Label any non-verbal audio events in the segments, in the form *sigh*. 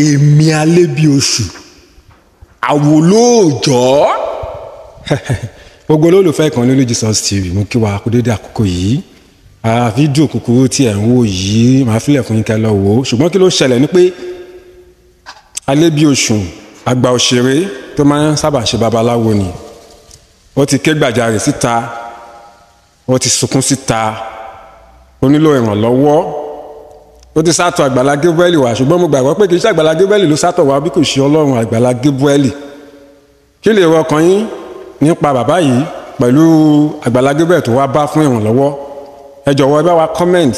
èmi alẹ́bíoṣù àwòlóòjọ́ *laughs* gbogbo olólùfẹ́ ìkànnì Olójúsọ́ọ̀sì TV mú kí wàá kú dédé àkókò yìí fídíò kúkúrú tí ẹ̀ ń wò yìí màá filẹ̀ fún yín ká lọ wò ó ṣùgbọ́n kí ló ṣẹlẹ̀ ni pé alẹ́bíoṣù àgbà òṣèré tó máa ń sábà ṣe babaláwo ni ó ti ké gbàjarè síta ó ti sunkún síta ó nílò ìrànlọ́wọ́ ó ti sátọ̀ àgbàlá Gabriel wá ṣùgbọ́n mo gbàgbọ́ pé kì í ṣe àgbàlá Gabriel ló sátọ̀ wá bí kò ṣe ọlọ́run àgbàlá Gabriel kí lè wọ ọkàn yín nípa bàbá yìí pẹ̀lú àgbàlá Gabriel tó wá bá fún ìrànlọ́wọ́ ẹ jọ̀wọ́ ẹ bá wa comment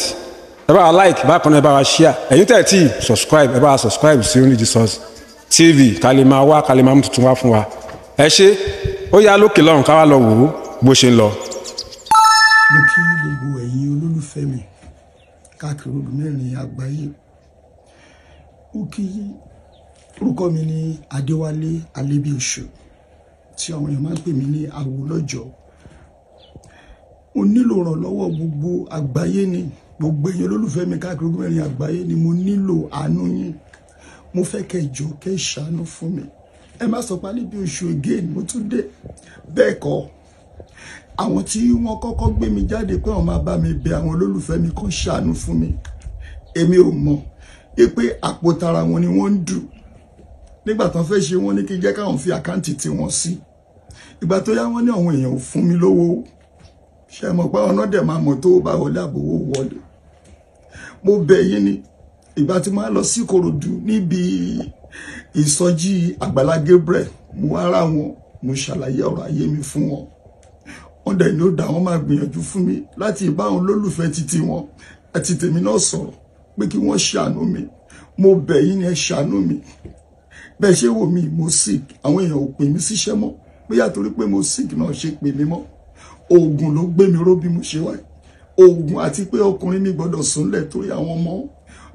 ẹ bá wa like bákan náà ẹ bá wa share ẹ̀yin tẹ̀ subscribe ẹ bá wa subscribe sí Only Jesus TV ká lè máa wá ká lè máa mú tuntun wá fún wa ẹ ṣe ó yá lókè lọ́run ká wá lọ wò ó bó ṣe ń lọ. mo kí gbogbo ẹ̀yin olólùfẹ́ mi káàkiri olú mẹ́rin àgbáyé ó kí orúkọ mi ní Adéwálé Alébíoṣù tí àwọn èèyàn máa ń pè mí ní Awólọ́jọ̀ mo nílò ìrànlọ́wọ́ gbogbo àgbáyé ni gbogbo èèyàn olólùfẹ́ mi káàkiri olú mẹ́rin àgbáyé ni mo nílò àánú yín mo fẹ́ kẹ́ jọ kẹ́ ṣàánú fún mi ẹ má sọ pé Alébíoṣù again mo tún dé bẹ́ẹ̀ kọ́ àwọn tí wọ́n kọ́kọ́ gbé mi jáde pé wọ́n máa bá mi bẹ àwọn olólùfẹ́ mi kan ṣàánú fún mi èmi ò mọ̀ pé àpò tara wọn ni wọ́n ń dù nígbà tán fẹ́ ṣe wọ́n ní kí jẹ́ káwọn fi àkáǹtì tí wọ́n sí ìgbà tó yá wọ́n ní àwọn èèyàn ò fún mi lówó ṣe mọ̀ pé ọ̀nà dẹ̀ máa mọ̀ tó bá wọlé àbówó wọlé mo bẹ̀ yín ni ìgbà tí máa lọ sí Ìkòròdú níbi ìsọjí Àgbàlá Gabriel mo wá ra wọn mo ṣàlàyé ọ̀rọ̀ ayé mi fún wọn wọ́n dẹ̀ ní ó dà wọ́n máa gbìyànjú fún mi láti bá àwọn olólùfẹ́ títí wọn àti tèmi náà sọ̀rọ̀ pé kí wọ́n ṣàánú mi mo bẹ̀ yín ni ẹ ṣàánú mi bẹ́ẹ̀ ṣe wò mí mo sick àwọn èèyàn ò pè mí síṣẹ́ mọ́ bóyá torí pé mo sick náà ṣe pè mí mọ́ oògùn ló gbé mi ró bí mo ṣe wáyé oògùn àti pé ọkùnrin mi gbọ́dọ̀ súnlẹ̀ torí àwọn ọmọ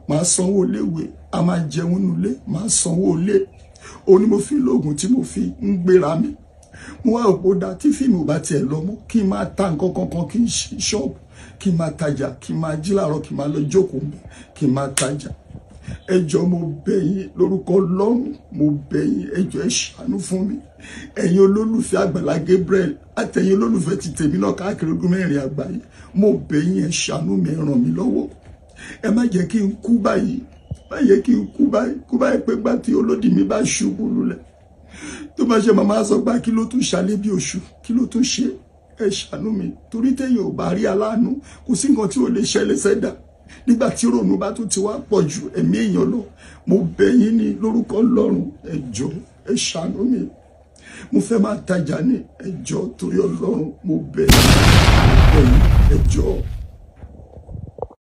máa sanwó léwe a máa jẹun nulẹ̀ máa sanwó lé òun mo fi lóògùn tí mo fi ń gbéra mi mo wá òpó da tí fíìmù bá tiẹ̀ lọ mọ́ kí n máa ta nǹkan kankan kí n ṣí ṣọ́ọ̀bù kí n máa tajà kí n máa jí láàárọ̀ kí n máa lọ jókòó mbẹ kí n máa tajà ẹjọ́ mo bẹ̀ yín lórúkọ Ọlọ́run mo bẹ̀ yín ẹjọ́ ẹ ṣàánú fún mi ẹ̀yin olólùfẹ́ Àgbàlá Gabriel àtẹ̀yin olólùfẹ́ ti tèmi náà káàkiri ogún mẹ́rin àgbáyé mo bẹ̀ yín ẹ ṣàánú mi ràn mí lọ́wọ́ ẹ má jẹ́ kí n kú báyìí má jẹ́ kí n kú báyìí kú báyìí pé gbà tí olódì mi bá ṣubú lulẹ̀ tó bá ṣe màmá sọ pé kí ló tún ṣalé bí oṣù kí ló tún ṣe ẹ ṣàánú mi torí téèyàn ò bá rí aláàánú kò sí nǹkan tí ò lè ṣẹlẹ̀ sẹ́dà nígbà tí rònú bá tún ti wá pọ̀ ju ẹ̀mí èèyàn lọ mo bẹ̀ yín ní lórúkọ Ọlọ́run ẹ jọ̀ọ́ ẹ ṣàánú mi mo fẹ́ máa tajà ní ẹ torí Ọlọ́run mo bẹ̀ yín ẹ